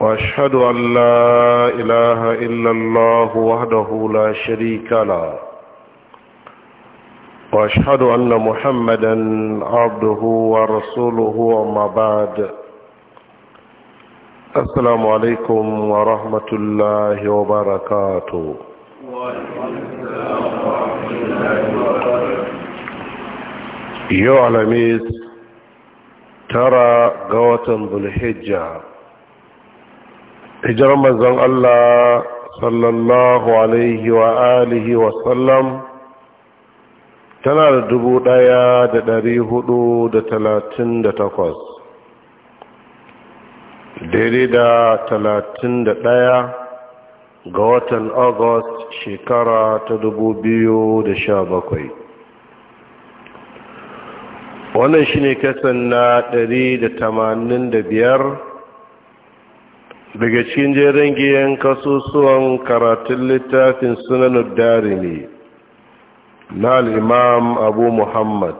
واشهد ان لا اله الا الله وحده لا شريك له واشهد ان محمدا عبده ورسوله وما بعد السلام عليكم ورحمه الله وبركاته يعلميس ترى قوة ذو الحجه hijar manzon Allah sallallahu alaihi wa alihi wa sallam tana da dubu ɗaya da dari hudu da talatin da takwas daidai da talatin da ɗaya ga watan august shekara ta dubu biyu da sha bakwai wannan shi ne kasan na dari da tamanin da biyar daga cikin jerin giyan kasusuwan karatun littafin sunanar ne na al'imam abu muhammad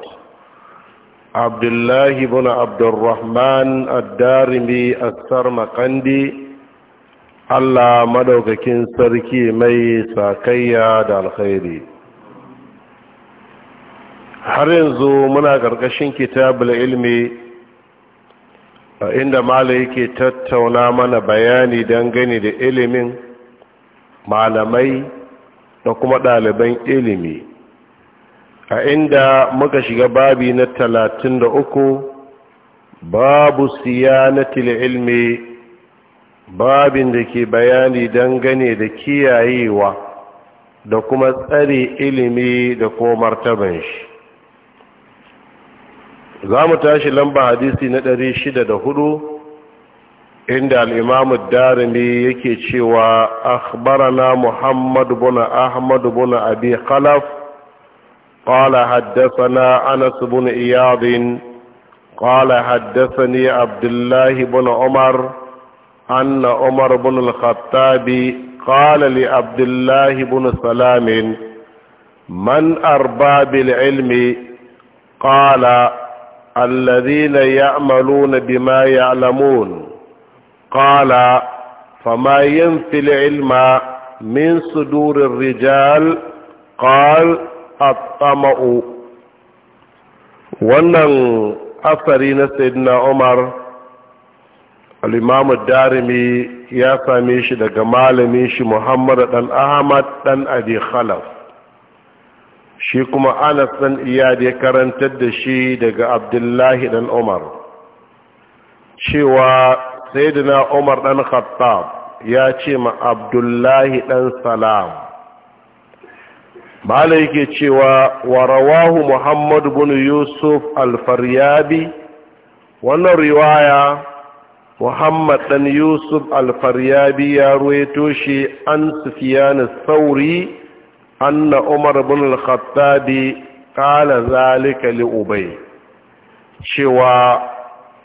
abdullahi bin abdurrahman addarimi tsar makandi allah madaukakin sarki mai sakayya da alkhairi har yanzu muna ƙarƙashin kitabul ilmi inda mala yake tattauna mana bayani dangane da ilimin malamai da kuma ɗaliban ilimi a inda muka shiga babi na talatin da uku babu siya tile ilmi babin da ke bayani dangane da kiyayewa da kuma tsare ilimi da kuma martaban shi za mu tashi lamba hadisi na hudu inda dari darini yake cewa akhbarana muhammadu buna ahmadu buna abi khalaf ƙala haddasana anas buna iyadin ƙala haddasani abdullahi buna umar anna umar buna al-khattabi abdullahi buna salamin man arba bil ilmi ƙala الذين يعملون بما يعلمون قال فما ينفي العلم من صدور الرجال قال الطمع ونن أثرين سيدنا عمر الإمام الدارمي يا ساميش دا جمال ميش محمد بن أحمد بن أبي خلف shi kuma anas ɗan iyad ya karantar da shi daga abdullahi ɗan umar cewa sayyidina umar ɗan khattab ya ce ma abdullahi ɗan salam malam yake cewa wa rawahu muhammad bin yusuf alfaryabi wannan riwaya muhammad ɗan yusuf alfaryabi ya ruwaito shi an sufiyanu sauri anna umar bin al-khattabi qala zalika li ubay cewa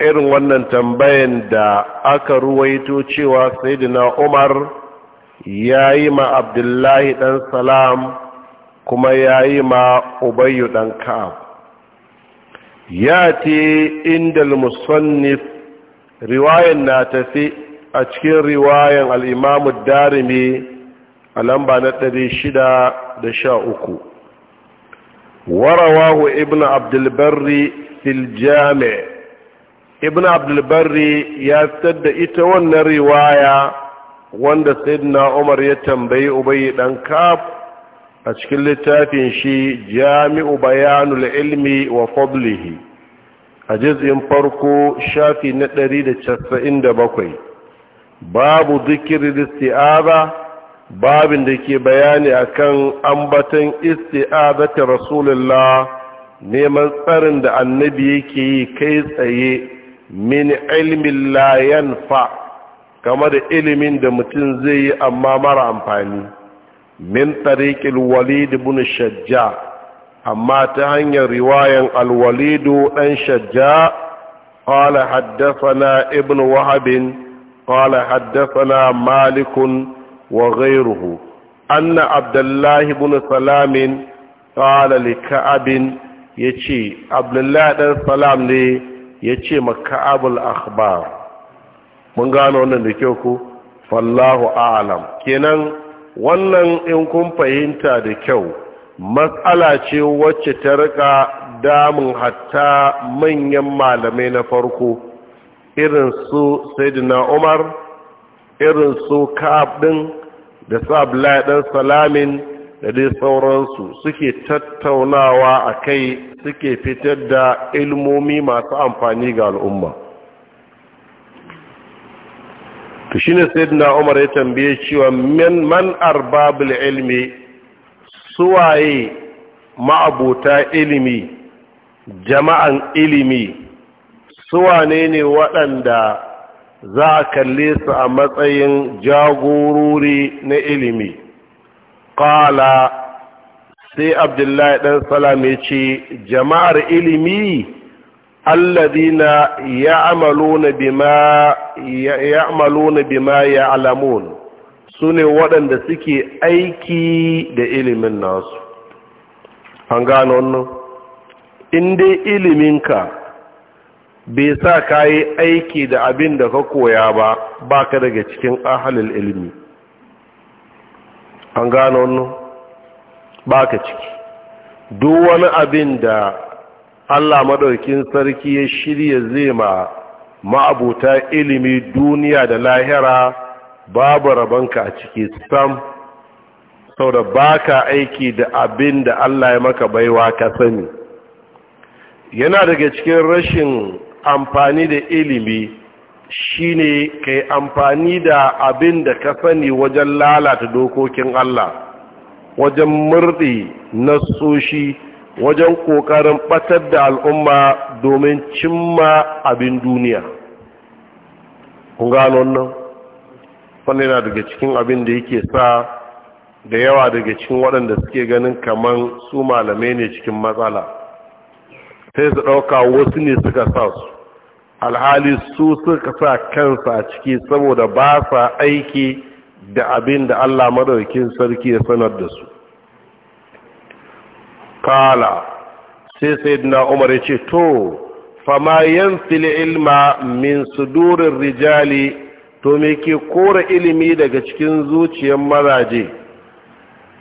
irin wannan tambayan da aka ruwaito cewa sayyidina umar yayi ma abdullahi dan salam kuma yayi ma ubay dan ka'ab yati inda al-musannif riwayan na tafi a cikin riwayan al'imamu darimi a lamba na shida da sha uku warawahu ibn abdulbarri fil jami ibn abdulbarri ya fitar da ita wannan riwaya wanda sayyidina umar ya tambayi ubayi dan kaf a cikin littafin shi jami'u bayanul ilmi wa fadlihi a jiz'in farko shafi na 197 babu zikirin isti'aza babin da ke bayani akan ambatan isti'azati rasulullah neman tsarin da annabi yake yi kai tsaye min ilmin layan fa kama da ilimin da mutum zai yi amma mara amfani min tsarikin walidu bin shajja amma ta hanyar riwayan alwalidu ɗan dan shajja haddasa na ibn ƙala haddasa na malikun وغيره أن anna abdullahi بن salamin قال لكعب ka'ab عبد abdullahi بن salam ne yace ma ka'abul akhbar mun gano wannan da kyau ko fallahu kenan wannan in kun fahimta da kyau matsala ce wacce ta rika damun hatta manyan malamai na farko irin su sayyidina Umar irin su kaɓin da sabla ɗan salamin da dai sauransu suke tattaunawa a kai suke fitar da ilmomi masu amfani ga al'umma to shi ne umar ya tambaye cewa man arbabul ilmi suwaye ma'abota ilimi jama'an ilimi suwane ne waɗanda za a kalle su a matsayin jagorori na ilimi ƙala sai abdullahi ɗan salame ce jama'ar ilimi alladina ya'maluna bima ya'maluna bima ya'lamun sune waɗanda suke aiki da ilimin nasu an gano wannan in dai iliminka bai sa ka yi aiki da abin da ka koya ba ba ka daga cikin ahalil ilimi an gano wannan ba ka ciki duk wani abin da allah maɗaukin sarki ya shirya zai ma ma'abuta ilimi duniya da lahira babu rabanka a ciki sam sau da ba ka aiki da abin da allah ya maka baiwa ka sani yana daga cikin rashin amfani da ilimi shine kai amfani da abin da ka sani wajen lalata dokokin Allah wajen murɗi soshi wajen ƙoƙarin ɓatar da al'umma domin cimma abin duniya kun gano nan wani yana daga cikin abin da yake sa da yawa daga cikin waɗanda suke ganin kamar su malamai ne cikin matsala sai su ɗauka wasu ne suka sa su alhali su suka sa kansa a ciki saboda ba sa aiki da abin da Allah madaukin sarki ya sanar da su kala sai sayyidina Umar ya ce to fama yansil ilma min sudurir rijali to me ke kora ilimi daga cikin zuciyar mazaje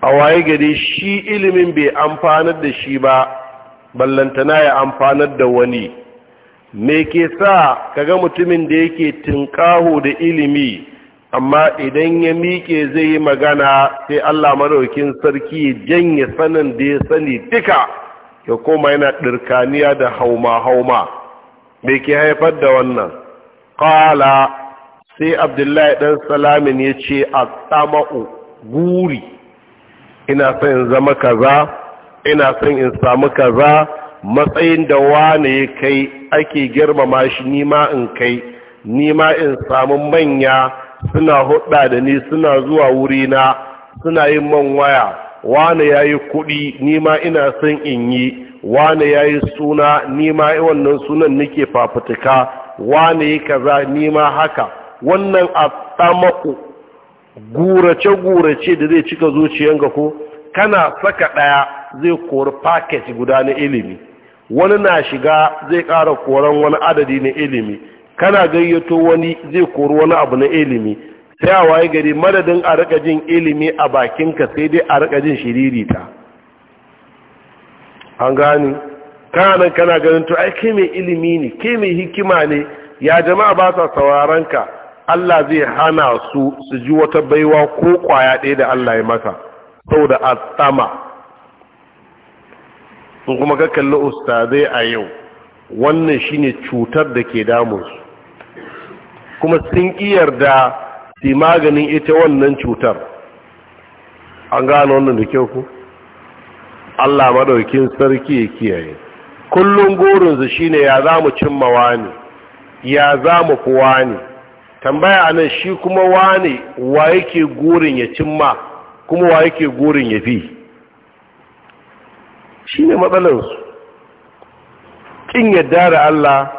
a waye gari shi ilimin bai amfanar da shi ba ballantana ya amfanar da wani me ke sa ka ga mutumin da yake tinkaho da ilimi amma idan ya miƙe zai yi magana sai Allah maraukin sarki janye sanin da ya sani duka ya koma yana ɗirkaniya da hauma-hauma me ke haifar da wannan ƙala sai abdullahi ɗan salamin ya ce a tsama'u guri ina son zama kaza ina son in samu kaza matsayin da wane ya kai ake girmama shi nima in kai nima in samu manya suna hudda da ni suna zuwa wurina suna yin man waya wane ya yi kudi nima ina son in yi wane ya yi suna nima wannan sunan nake fafutuka wane yi kaza nima haka wannan a tsamaku gurace-gurace da zai cika zuciyan ga ko kana saka ɗaya zai kori paket guda na ilimi wani na shiga zai ƙara koran wani adadi na ilimi kana gayyato wani zai kori wani abu na ilimi sai a waye gari madadin a rika jin ilimi a bakinka sai dai a rika jin shiririta an gani kana kana ganin to ai ke mai ilimi ne ke mai hikima ne ya jama'a ba sa sauraron ka Allah zai hana su su ji wata baiwa ko kwaya ɗaya da Allah ya maka saboda asama. sun kuma ka kalli ustazai a yau wannan shine cutar da ke damunsu kuma sun ƙiyar da si maganin ita wannan cutar an gano wannan da kyau ku allah maɗaukin sarki ya kiyaye kullum shi shine ya za mu cimma wani ya za mu kuwa ne? tambaya nan shi kuma wani wa yake gurin ya cimma kuma wa yake gurin ya fi shi ne matsalarsu ƙin yadda da Allah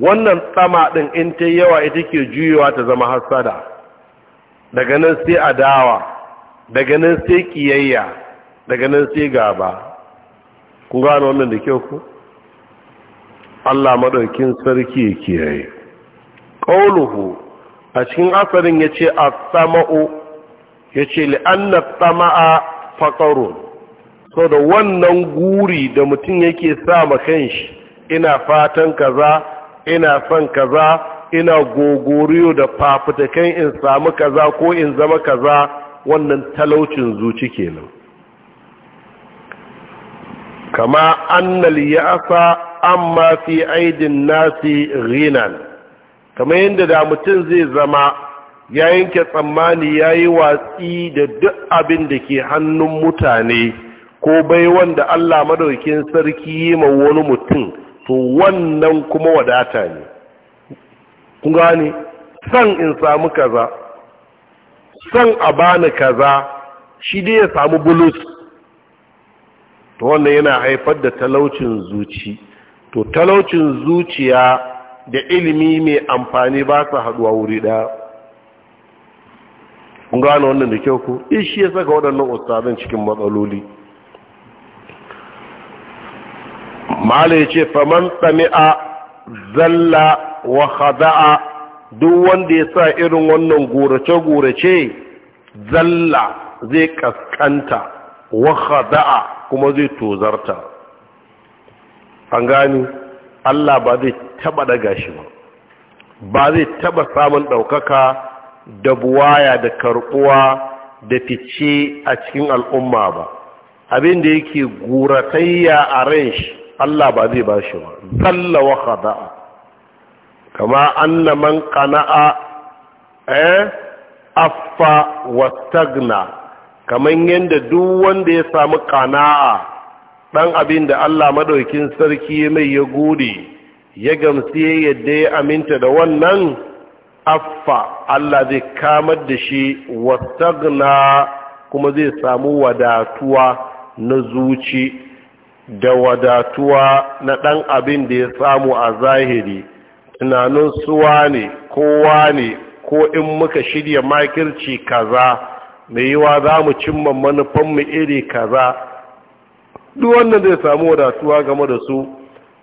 wannan tsama ɗin in ta yawa ita ke juyewa ta zama hasada daga nan sai adawa daga nan sai ƙiyayya daga nan sai gaba ku gano wannan da kyau ku Allah maɗaukin sarki ya kiyaye ƙauluhu a cikin asarin ya ce a tsama'u ya ce li'annar tsama'a faƙarun so da wannan guri da mutum yake sa ma shi, ina fatan kaza ina son kaza ina gogoriyo da fafutakan in samu kaza ko in zama kaza wannan talaucin zuci kenan kama annal asa, amma fi aidin nasi ghinan Kama yadda da mutum zai zama ya yanke tsammani yayi watsi da duk abin da ke hannun mutane ko bai wanda Allah madaukin sarki yi ma wani mutum to wannan kuma wadata ne kun gane san in samu kaza san a bani kaza shi dai ya samu bulus to wannan yana haifar da talaucin zuci to talaucin zuciya da ilimi mai amfani ba su haduwa wuri daya kun gane wannan da kyau ko ishi ya saka waɗannan ustazan cikin matsaloli mala ya ce faman tsami'a zalla wa khada'a duk wanda ya sa irin wannan gorace-gorace zalla zai kaskanta wa khada'a kuma zai tozarta an gani Allah ba zai taba daga shi ba ba zai taba samun ɗaukaka da buwaya da karɓuwa da fice a cikin al'umma ba abin da yake guratayya a ran shi Allah ba zai ba shi ba zalla wa khada'a kama anna man qana'a eh affa tagna, kaman yanda duk wanda ya samu qana'a ɗan abin da Allah maɗaukin sarki mai ya gode ya gamsu ya yadda ya aminta da wannan affa Allah zai kamar da shi tagna kuma zai samu wadatuwa na zuci da wadatuwa na ɗan abin da ya samu a zahiri tunanin suwa ne kowa ne ko in muka shirya makirci kaza mai yiwa za mu cimma manufanmu iri kaza duk wannan zai samu wadatuwa game da su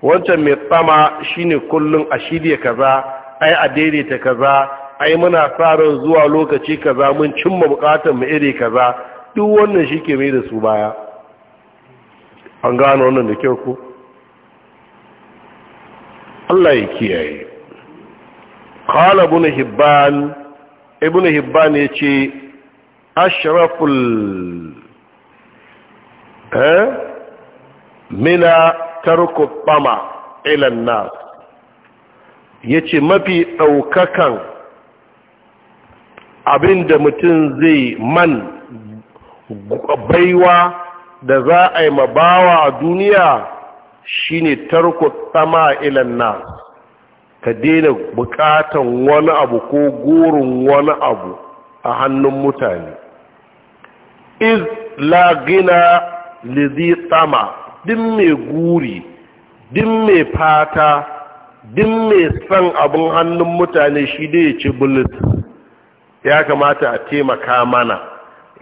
wancan mai tsama shine kullum a shirya kaza ai a daidaita kaza ai muna sa ran zuwa lokaci kaza mun cimma bukatar mu iri kaza duk wannan shi ke mai da su baya an gano wannan da kyau ku Allah ya kiyaye qala ibn hibban ibn hibban yace ashraful eh mina tarku tama ila nas yace mafi daukakan abinda mutum zai man baiwa da za a yi mabawa a duniya shine tarko tsama ilan na ka daina bukatan wani abu ko gurin wani abu a hannun mutane iz la gina lizi tsama din mai guri din mai fata din mai san abin hannun mutane shi da ya ci bulit ya kamata a taimaka mana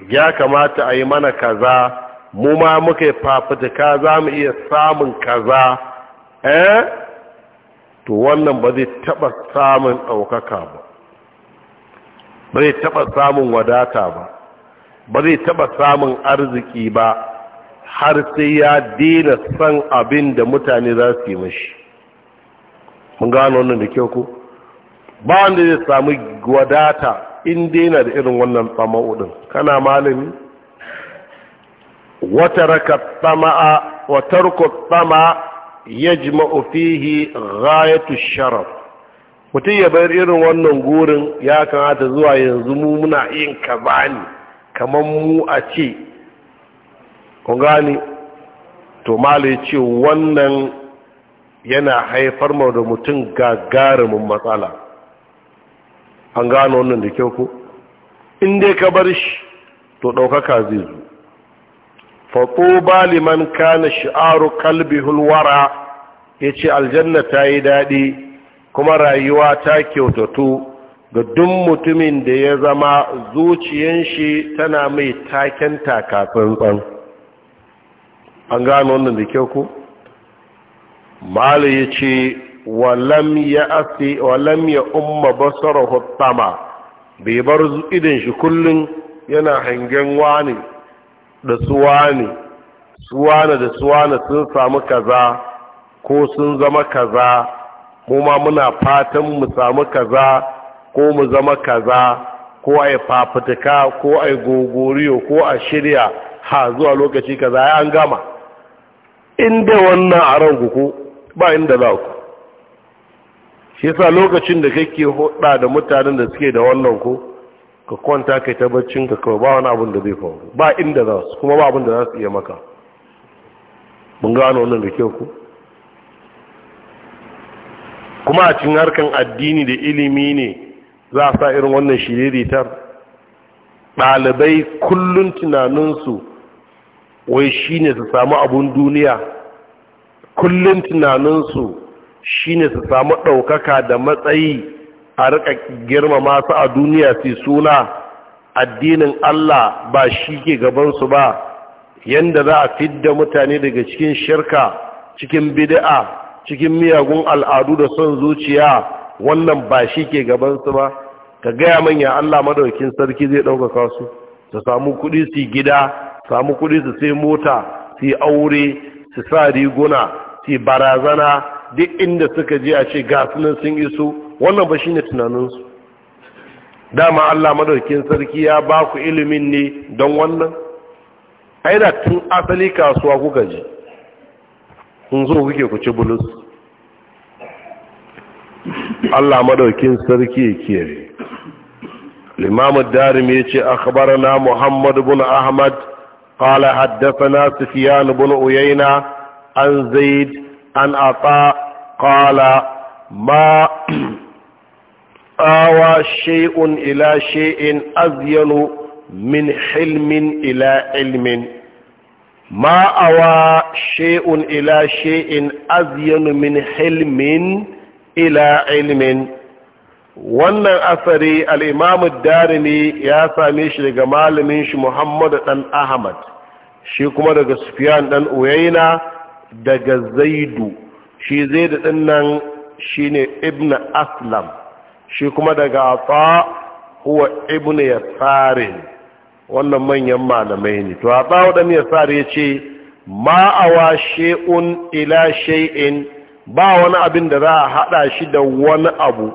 ya kamata a yi mana kaza mu ma muka yi fafutuka za mu iya samun kaza eh to wannan ba zai taɓa samun ɗaukaka ba ba zai taɓa samun wadata ba ba zai taɓa samun arziki ba har sai ya dina san abin da mutane za su yi mashi mun gano wannan da kyau ko ba wanda zai samu wadata in daina da irin wannan tsama'udin kana malami وترك الطمع وترك الطمع يجمع فيه غاية الشرف mutum ya bar irin wannan gurin ya kamata zuwa yanzu mu muna yin kaza ne kamar mu a ce kun gani to mali ce wannan yana haifar ma da mutum gagarumin matsala an gano wannan da kyau ko in dai ka bar shi to ɗaukaka zai zo fatuba liman kana shi'aru qalbihul wara yace aljanna ta yi dadi kuma rayuwa ta kyautatu ga duk mutumin da ya zama zuciyan shi tana mai taken takatsantsan an gano wannan da kyau ku malu yace walam ya asi walam ya umma basarahu tama bai bar idan shi kullum yana hangen wani da suwane suwane da suwane sun samu kaza ko sun zama kaza mu ma muna fatan mu samu kaza ko mu zama kaza ko a yi fafutuka ko a yi gogoriyo ko a shirya ha zuwa lokaci kaza ya an gama inda wannan a ranku ku, ba inda za ku shi sa lokacin da kake hudda da mutanen da suke da wannan ku? ka kwanta kai ta barcin ka kawai ba wani abin da zai faru ba inda za su kuma ba abin da za su iya maka mun gano wannan da kyau ku kuma a cikin harkan addini da ilimi ne za a sa irin wannan shirye-shiryen shiriritar ɗalibai kullum tunaninsu wai shi ne su samu abun duniya kullum tunaninsu shi ne su samu ɗaukaka da matsayi a rika girmama su a duniya su suna addinin Allah ba shi ke gabansu ba yadda za a fidda mutane daga cikin shirka cikin bid'a cikin miyagun al'adu da son zuciya wannan ba shi ke gabansu ba ka gaya manya Allah madaukin sarki zai ɗaukaka su su samu kuɗi su gida samu kuɗi su sai mota su aure su sa riguna su barazana duk inda suka je a ce gasunan sun iso wannan ba shi ne tunaninsu dama Allah madaukin sarki ya ba ku ilimin ne don wannan aida tun asali kasuwa ku gaji. kun zo kuke ku ci bulus Allah madaukin sarki ya kiyaye الإمام الدارمي يجي أخبرنا محمد بن ahmad قال حدثنا sufyan بن Uyaina, an zaid an ata kala ma. awa shay'un ila shay'in azyanu min hilmin ila ilmin ma awa shay'un ila shay'in azyanu min hilmin ila ilmin wannan asari al'imamu darimi ya same shi daga malamin shi muhammadu ɗan ahmad shi kuma daga sufiyan ɗan uyaina daga zaidu shi zaidu ɗin nan shi ne ibn aslam shi kuma daga ata huwa ibn yasarin wannan manyan malamai ne to ata wadan yasar ya ce ma awa shay'un ila shay'in ba wani abin da za a hada shi da wani abu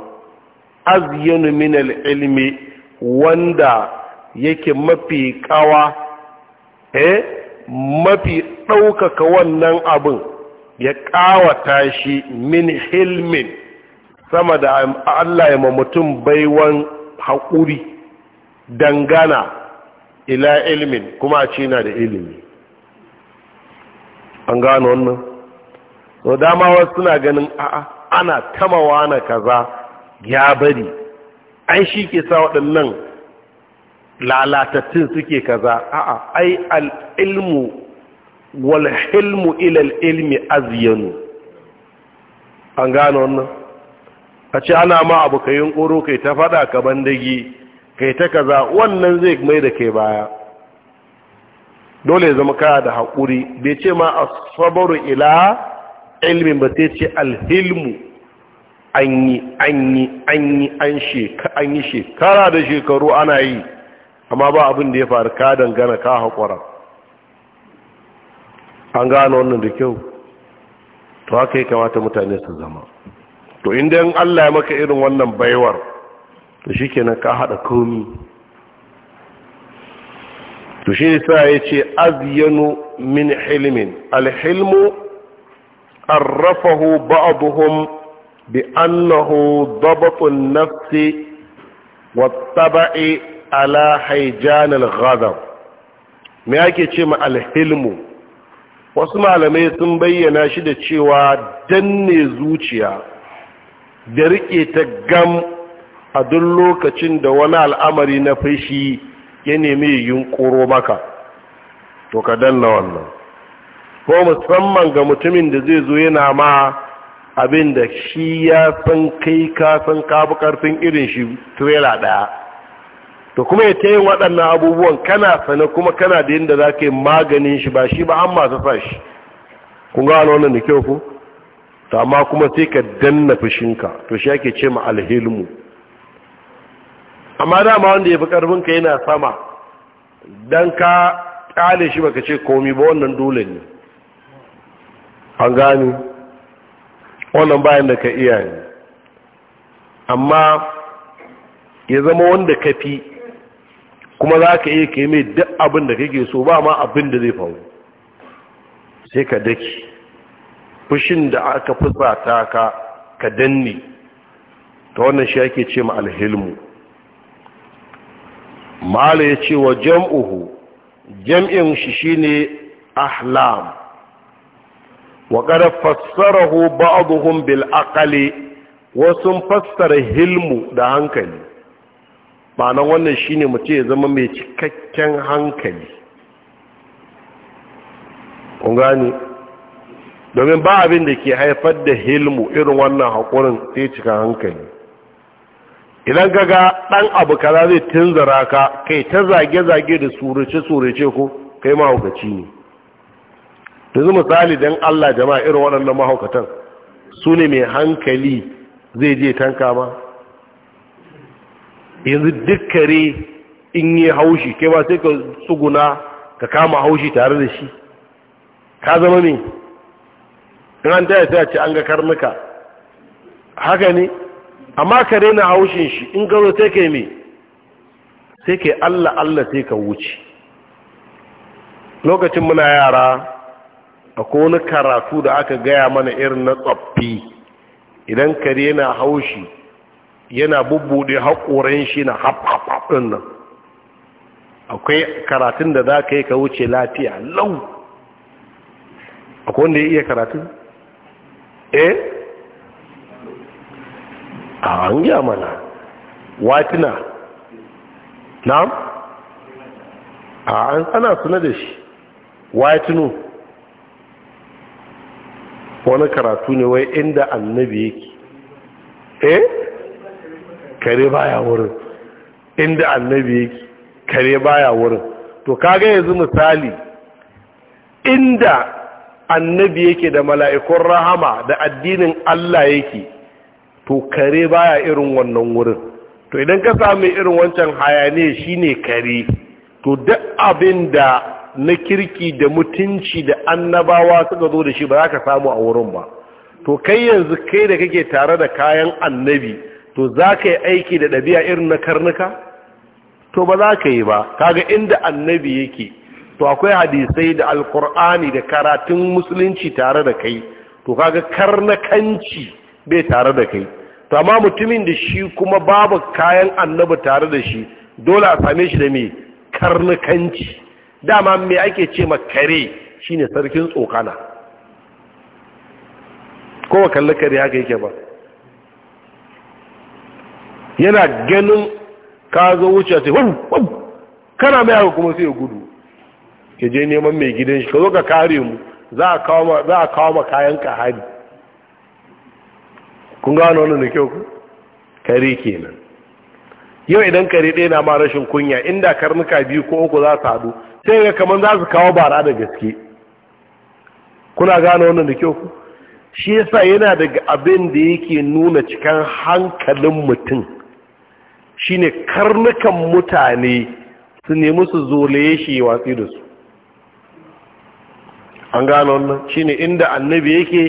azyanu min al-ilmi wanda yake mafi kawa eh mafi ɗaukaka wannan abin ya ƙawata shi min hilmin sama da Allah ya mutum baiwan haƙuri dangana ila ilimin kuma a ce na da ilimi an gano wannan so dama wasu suna ganin a'a ana tamawa na kaza ya bari ai shi ke sa waɗannan lalatattun suke kaza a'a ai al'ilmu wal hilmu ilal ilmi aziyanu an gano wannan a ce ana ma abu ka kai ta faɗa ka bandagi kai ta kaza wannan zai mai da kai baya dole ya zama kaya da haƙuri bai ce ma a sabaru ila ilmin ba sai ce alhilmu an yi an yi an yi an yi shekara da shekaru ana yi amma ba abin da ya faru ka dangana ka haƙura an gano wannan da kyau to haka ya kamata mutane su zama to inda yin Allah ya maka irin wannan baiwar to shikenan ka hada komi to shi sa ce, azyanu min hilmin alhilmu arrafahu ba'dhum bi annahu dabatu nafsi wa taba'i ala haijanin ghadab me ake ce ma alhilmu wasu malamai sun bayyana shi da cewa danne zuciya da riƙe ta gam a duk lokacin da wani al'amari na fashi ya nemi yunƙuro maka to ka danna wannan ko musamman ga mutumin da zai zo yana ma abin da shi ya san kai ka san kafi ƙarfin irin shi tirela ɗaya to kuma ya tayin waɗannan abubuwan kana sane kuma kana da yanda za ka yi maganin shi ba shi ba an masu sa shi kun gano wannan da kyau ku to amma kuma sai ka danna fushinka to shi ake ce ma alhilmu amma dama wanda ya fi ƙarfinka yana sama don ka ƙale shi baka ce komi ba wannan dole ne an gani wannan bayan da ka iya ne amma ya zama wanda ka fi kuma za ka iya kemai mai duk abin da kake so ba ma abin da zai faru sai ka daki fushin da aka fusata ka ka danne ta wannan shi ake ce ma alhilmu mala ya ce wa jam'uhu jam'in shi shi ne ahlam wa qad fassarahu ba'dhum bil wasu fassara hilmu da hankali ma'anar wannan shi ne mace ya zama mai cikakken hankali kun domin ba abin da ke haifar da hilmu irin wannan haƙurin sai cika hankali idan ka ga ɗan abu kaza zai tunzara ka kai ta zage-zage da surace-surace ko kai mahaukaci ne yanzu misali don allah jama'a irin waɗannan mahaukatan su ne mai hankali zai je tanka ba yanzu duk kare in yi haushi kai ba sai ka tsuguna ka kama haushi tare da shi ka zama mai in an daya ce an ga karnuka haka ne amma ka rena haushin shi in gano sai ka yi mai sai ka yi allah allah sai ka wuce lokacin muna yara akwai wani karatu da aka gaya mana irin na tsoffi idan kare rena haushi yana bubbude haƙoran shi na haɓaɓaɓin nan akwai karatun da za ka yi ka wuce lafiya lau akwai wanda ya iya karatun eh a an gya mana watina na'am a an ana suna da shi watinu wani karatu ne wai inda annabi yake eh kare baya wurin inda annabi yake kare baya wurin to kaga yanzu misali inda annabi yake da mala'ikun rahama da addinin Allah yake to kare baya irin wannan wurin to idan ka sami irin wancan hayane shine kare to duk abin da na kirki da mutunci da annabawa suka zo da shi ba za ka samu a wurin ba to kai yanzu kai da kake tare da kayan annabi to za ka yi aiki da ɗabi'a irin na karnuka to ba za ka yi ba kaga inda annabi yake to akwai hadisai da alkur'ani da karatun musulunci tare da kai to kaga karnakanci bai tare da kai to amma mutumin da shi kuma babu kayan annabi tare da shi dole a same shi da mai karnakanci dama me ake ce ma kare shine sarkin tsokana ba kalli kare haka yake ba yana ganin ka zo wuce ce kana mai haka kuma sai ya gudu ke je neman mai gidan shi ka zo ka kare mu za a kawo ma kayan ka hari kun gano wannan da kyau ku kare kenan yau idan kare ɗaya na ma rashin kunya inda karnuka biyu ko uku za su haɗu sai ga kamar za su kawo bara da gaske kuna gano wannan da kyau ku shi yasa yana daga abin da yake nuna cikan hankalin mutum shine karnukan mutane su nemi su zolaye shi watsi da su an gano wannan shine inda annabi yake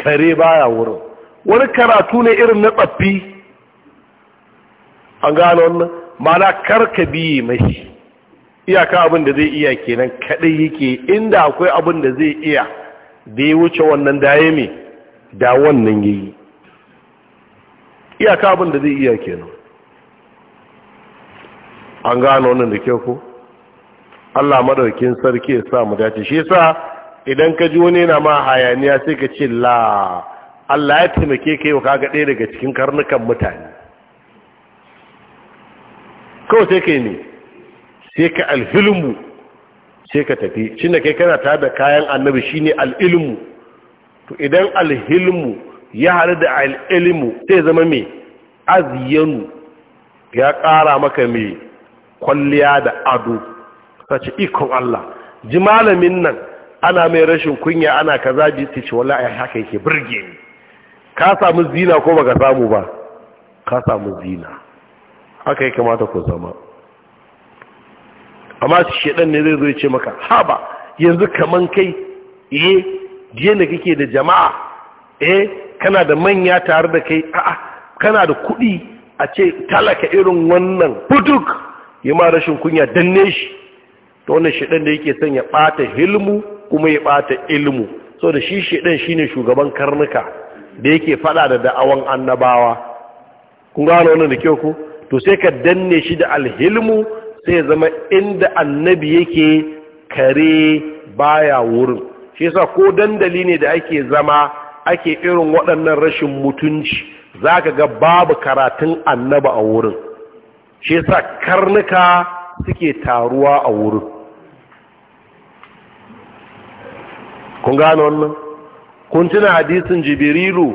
kare baya wurin wani karatu ne irin na tsaffi an gano wannan mana karka biye mashi iyaka abin da zai iya kenan kadai yake inda akwai abin da zai iya da ya wuce wannan daye mai, da wannan yayi iyaka abin da zai iya kenan an gano wannan da kyau ko Allah madaukin sarki ya sa mu dace shi yasa idan ka ji wani na ma hayaniya sai ka ce la Allah ya taimake ka yau kaga ɗaya daga cikin karnukan mutane kawai sai ka yi ne sai ka alhilmu sai ka tafi shi kai kana tare da kayan annabi shi ne al'ilmu to idan alhilmu ya haɗu da al'ilmu sai zama mai aziyanu ya ƙara maka mai kwalliya da ado sace ikon Allah ji malamin nan ana mai rashin kunya ana kaza ji ta ce haka yake burge ni ka samu zina ko baka samu ba ka samu zina haka yake kamata ku zama amma shedan ne zai zo ce maka haba yanzu kaman kai eh je ne kake da jama'a eh kana da manya tare da kai a'a kana da kuɗi a ce talaka irin wannan putuk yi ma rashin kunya danne shi ta wannan shedan da yake son ya ɓata hilmu kuma ya bata ilmu so da shi shedan shine shugaban karnuka da yake fada da da'awan annabawa kun gano wannan da kyau ko to sai ka danne shi da alhilmu sai ya zama inda annabi yake kare baya wurin shi yasa ko dandali ne da ake zama ake irin waɗannan rashin mutunci zaka ga babu karatun annaba a wurin shi yasa karnuka suke taruwa a wurin kun gano wannan kun tuna hadisin jibrilu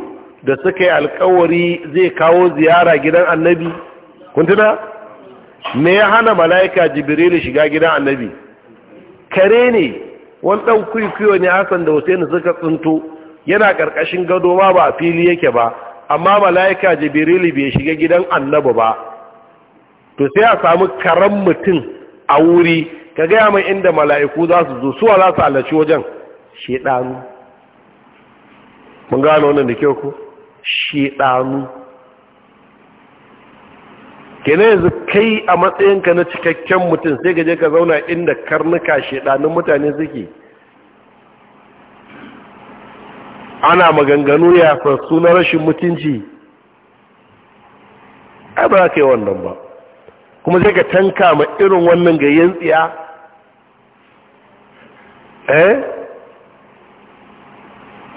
da suka yi alkawari zai kawo ziyara gidan annabi kun tuna me ya hana mala'ika jibrilu shiga gidan annabi kare ne wani dan kwikwiyo ne hassan da hussein suka tsinto yana ƙarƙashin gado ma ba a fili yake ba amma mala'ika jibrilu bai shiga gidan annabi ba to sai a samu karen mutum a wuri ka gaya mai inda mala'iku za su zo suwa za su halarci wajen shedanu mun gano wannan da kyau ko shedanu kenan yanzu kai a matsayinka na cikakken mutum sai gaje ka zauna inda karnuka shedanun mutane suke ana maganganu ya fasu na rashin mutunci ai ba ka yi wannan ba kuma sai ka tanka ma irin wannan ga tsiya eh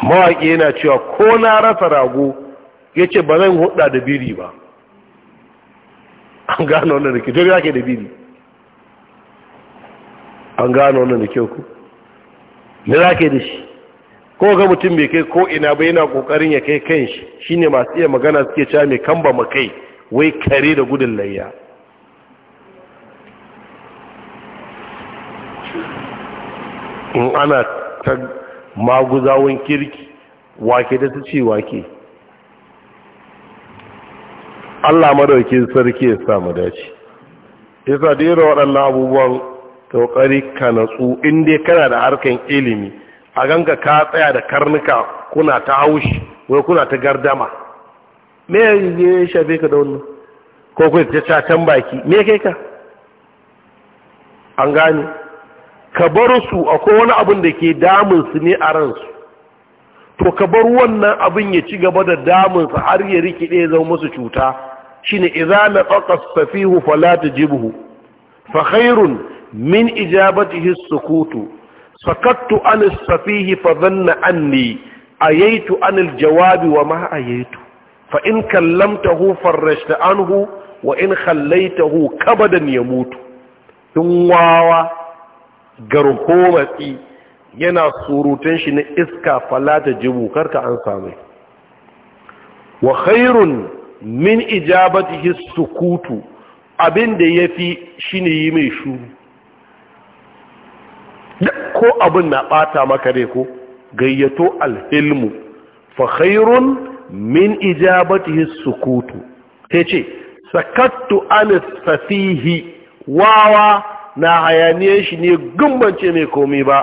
mawaƙi yana cewa ko na rasa rago ya ce ba zan hudda da biri ba an gano wannan da kyau duk zake da biri an gano wannan da kyau ku ne ke da shi ko ga mutum mai kai ko ina ba yana kokarin ya kai kan shi shine masu iya magana suke cewa mai ba makai wai kare da gudun layya in ana ta maguzawan kirki wake da su ce wake Allah madaukin sarki ya samu dace yasa da irin waɗannan abubuwan kokari ka natsu in dai kana da harkan ilimi a ganka ka tsaya da karnuka kuna ta haushi wai kuna ta gardama me ya shafe ka da wannan ko kuwa ta can baki me kai ka an gane ka bar su akwai wani abin da ke damun su ne a ransu to ka bar wannan abin ya ci gaba da damunsa har ya rikide ya zama musu cuta shine na naqas safihu fala tajibhu fa khairun min ijabatihi sukutu sakattu an safihi fa dhanna anni ayaitu an aljawabi wa ma ayaitu fa in kallamtahu farrashta anhu wa in khallaitahu kabadan yamutu in wawa garhomatsi yana surutun shi na iska falata jibu karka an samu wa khairun min ijabatihi sukutu abinda yafi ya fi shi ne yi mai shuru ko abin na ɓata maka ne ko gayyato alhilmu fa khairun min ijabatihi sukutu sai ce sakattu anis safihi wawa na hayaniyar shi ne gumbance mai komi ba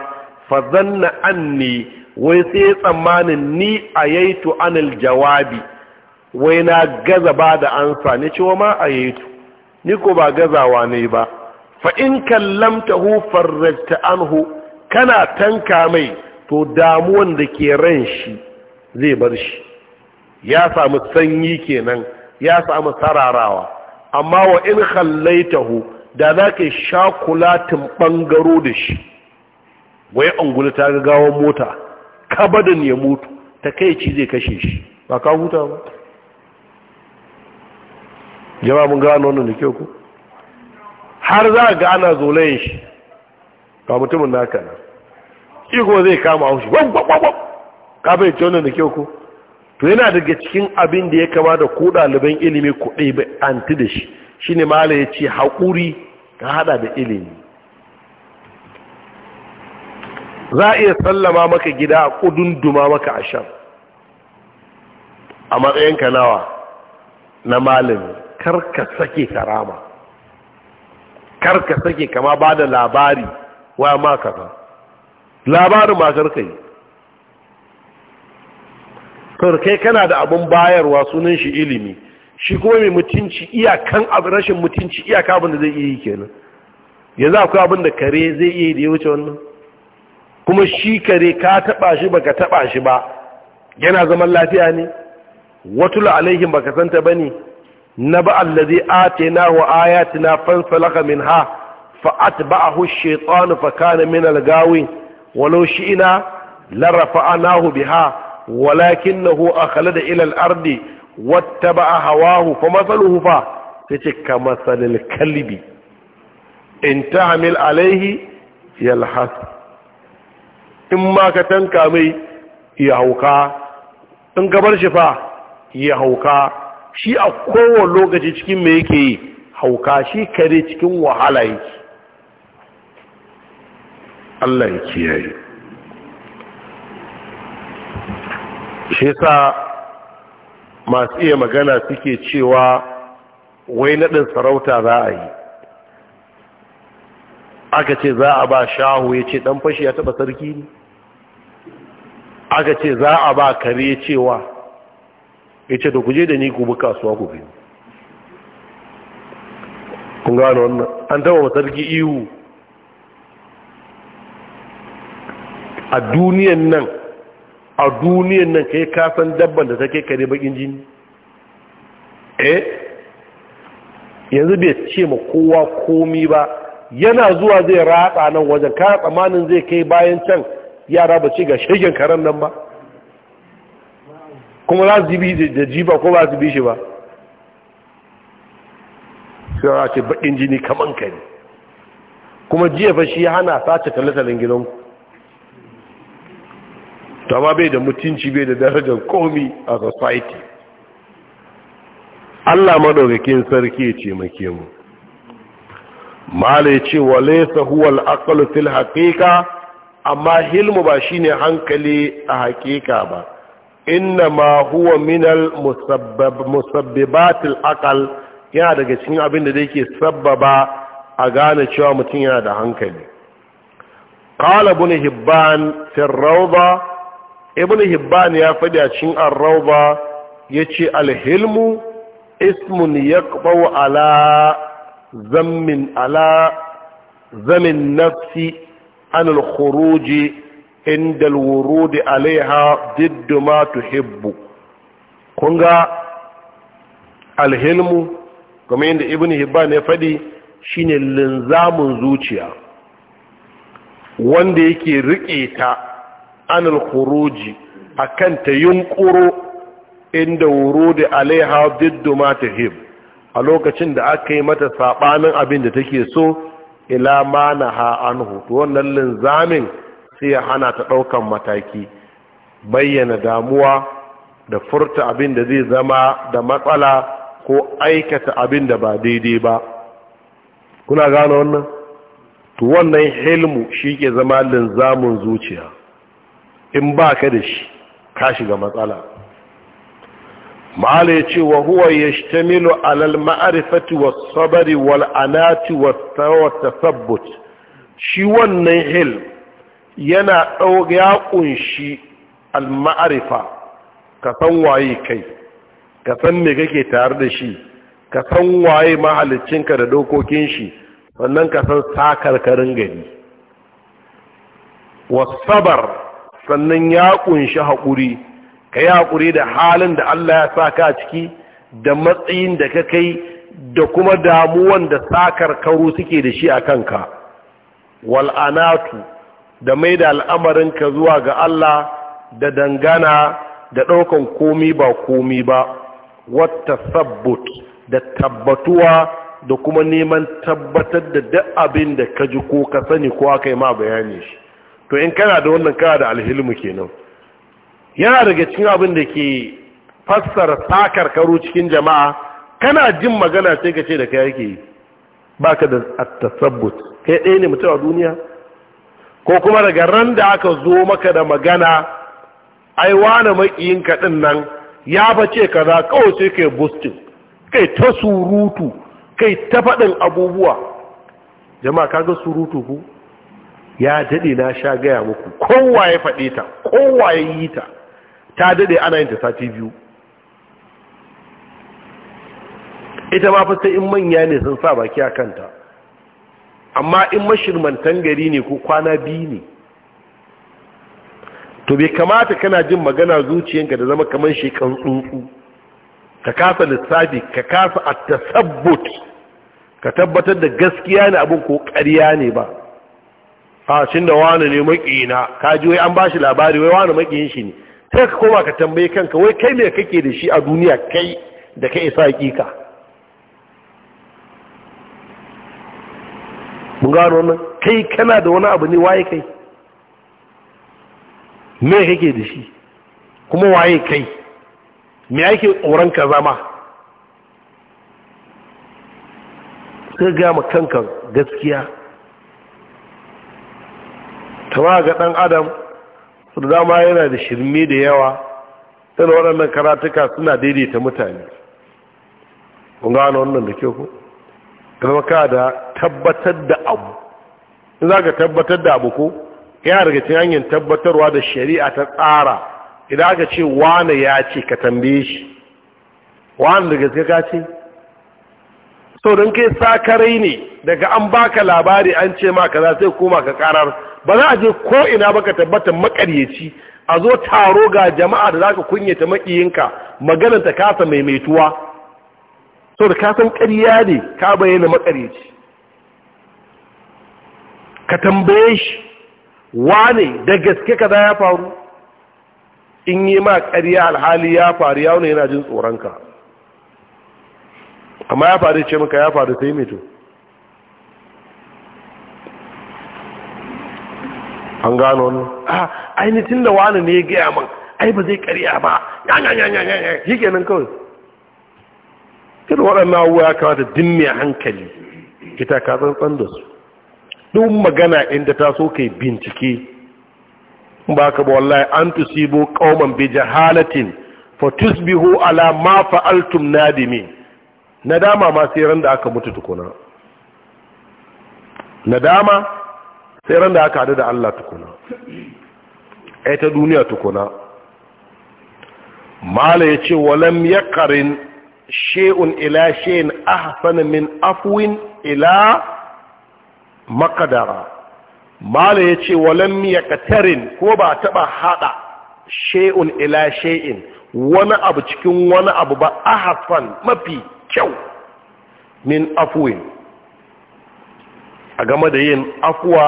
fa zanna anni wai sai tsammanin ni ayaitu anil jawabi wai na gaza ba da ansa ni cewa ma ayaitu ni ko ba gazawa ne ba fa in kallamtahu farrajta anhu kana tanka mai to damuwan da ke ran shi zai bar shi ya samu sanyi kenan ya samu sararawa amma wa in khallaitahu da za ka shakulatin ɓangaro da shi wai angula ta gawon mota kabadin ya mutu ta kai ci zai kashe shi ba ka huta ba jama'a mun gano wannan da kyau ku har za ga ana zolayen shi ba mutumin na na iko zai kama haushi wabwabwab ka bai ce wannan da kyau ku to yana daga cikin abin da ya kama da ku ɗaliban ilimi ku ɗai bai anti da shi shine mala ya ce haƙuri ka hada da ilimi za a iya sallama maka gida a ƙudun duma maka a shan a matsayinka nawa na malin karka sake karama karka sake kama ba da labari waya maka ba labarin ma karka yi sarkai kana da abin bayarwa sunan shi ilimi shi kuma mai mutunci iyakan abin rashin mutunci iyaka abin da zai iya yi kenan yanzu akwai abin da kare zai iya yi da ya wuce wannan kuma shi kare ka taba shi baka taba shi ba yana zaman lafiya ne watula alaihim baka santa bane naba allazi na wa na fansalaka ha? fa atba'ahu ash-shaytanu fa kana min al-gawin walau shi'na larafa'nahu biha a akhlada da ilal ardi Wata wattaba'a hawahu fa matsaluhu fa ce ka matsalil kalbi in ta hamil alaihi yalhas in ma ka tanka mai ya hauka in gabar shi fa ya hauka shi a kowane lokaci cikin me yake yi hauka shi kare cikin wahala yake Allah ya kiyaye shi sa masu iya magana suke cewa wai naɗin sarauta za a yi aka ce za a ba shahu ya ce ɗan fashi ya taɓa sarki ne aka ce za a ba kare cewa ya ce da kuje da ni gobe kasuwa ku biyu kun gano wannan an taɓa sarki ihu a duniyan nan a duniyan nan ka yi kasan dabban da take kare bakin jini eh yanzu bai ce ma kowa komi ba yana zuwa zai ratsa nan wajen kara tsamanin zai kai bayan can yara ba ce ga shegen karen nan ba kuma za su bi da ko ba su bi shi ba su yara ce bakin jini kaman kare kuma jiya ba shi hana sace talatalin gidanku to bai da mutunci bai da darajar komi a society Allah madaukakin sarki ya ce make mu malai ce wa laysa huwa al-aql fil haqiqa amma hilmu ba shine hankali a haqiqa ba inna ma huwa min al-musabbab musabbibat al-aql yana daga cikin abin da yake sabbaba a gane cewa mutum yana da hankali qala ibn hibban fi rawda ibn hibban ya faɗi a cikin arrauba ya ce alhilmu ismun ya ala zammin ala zamin nafsi an alkhuruji inda da alaiha diddu ma tuhibbu kunga alhilmu kamar yadda ibn hibban ya faɗi shine linzamin zuciya wanda yake riƙe ta anil khuruji akan ta yunkuro inda wurudi alaiha diddu ma tahib a lokacin da aka yi mata sabanin abin da take so ila ma anhu to wannan linzamin sai ya hana ta daukan mataki bayyana damuwa da furta abin da zai zama da matsala ko aikata abin da ba daidai ba kuna gano wannan to wannan hilmu shi ke zama linzamin zuciya in ba ka da shi ka shiga matsala ma'ala ya ce wa huwa ya milo alal ma'arifati wa sabari wal anati wa sabbut. shi wannan hil yana ya kunshi al ma'arifa ka san waye kai ka san me kake tare da shi ka san waye mahalicinka da dokokin shi sannan ka san sakarkarin gari wa sabar sannan ya kunshi haƙuri ka yi haƙuri da halin da Allah ya sa ka ciki da matsayin da ka kai da kuma damuwan da sakar karu suke da shi a kanka wal'anatu da mai da al'amarinka zuwa ga Allah da dangana da ɗaukan komi ba komi ba wata sabbut da tabbatuwa da kuma neman tabbatar da duk abin da ka ji ko ka sani ko aka yi ma bayani shi to in kana da wannan kana da alhilmu kenan yana daga cikin abin da ke fassara takar karo cikin jama'a kana jin magana sai ka ce da kai yake yi baka da at-tasabbut kai ɗaya ne mutum a duniya ko kuma daga ran da aka zo maka da magana ai wani makiyinka din nan ya bace kaza kawai sai kai boosting kai ta surutu kai ta faɗin abubuwa jama'a kaga surutu ku ya daɗe na sha gaya muku kowa ya faɗe ta kowa ya yi ta ta daɗe ana yin ta sati biyu ita ma fa sai in manya ne sun sa baki a kanta amma in mashirmantan gari ne ko kwana biyu ne to bai kamata kana jin magana zuciyanka da zama kamar shekan tsuntsu ka kasa lissafi ka kasa a tasabbut ka tabbatar da gaskiya ne abin ko ƙarya ne ba a da wani ne makiyina ka ji wai an ba shi labari wai wani makiyin shi ne sai ka koma ka tambaye kanka wai kai me kake da shi a duniya kai da ka isa hakika mun gano nan. kai kana da wani abu ne waye kai me kake da shi kuma waye kai me yake tsoron ka zama sai ga kanka gaskiya tama ga ɗan adam su da dama yana da shirme da yawa tana waɗannan karatuka suna daidaita mutane kun gano wannan da kyau ku ka da tabbatar da abu in za ka tabbatar da abu ko yana daga cikin hanyar tabbatarwa da shari'a ta tsara idan aka ce wane ya ce ka tambaye shi wane daga gaske ka ce sau don kai sakarai ne daga an baka labari an ce ma kaza sai koma ka karar ba za a je ko ina baka tabbata makaryaci a zo taro ga jama'a da za zaka kunyata makiyinka maganar ta kasa maimaituwa so da kasan karya ne ka bayyana makaryaci ka tambaye shi wane da gaske kaza ya faru in yi ma karya alhali ya faru yawon yana jin tsoronka amma ya faru ce maka ya faru sai mai to an gano ne a ainihin da wani ne ya gaya man ai ba zai karya ba ya ya kenan kawai irin waɗannan abubuwa ya kamata dimme hankali ita ka tsantsan da su duk magana inda ta so kai bincike ba ka ba wallahi an tusibo qauman bi jahalatin fa tusbihu ala ma fa'altum nadimin nadama ma sai ran da aka mutu tukuna nadama sai ran da aka hadu da Allah tukuna ai ta duniya tukuna mala yace walam yaqrin shay'un ila shay'in ahsana min afwin ila maqdara mala yace walam yaqtarin ko ba taba hada shay'un ila shay'in wani abu cikin wani abu ba ahfan mafi kyau min afuwin a game da yin afuwa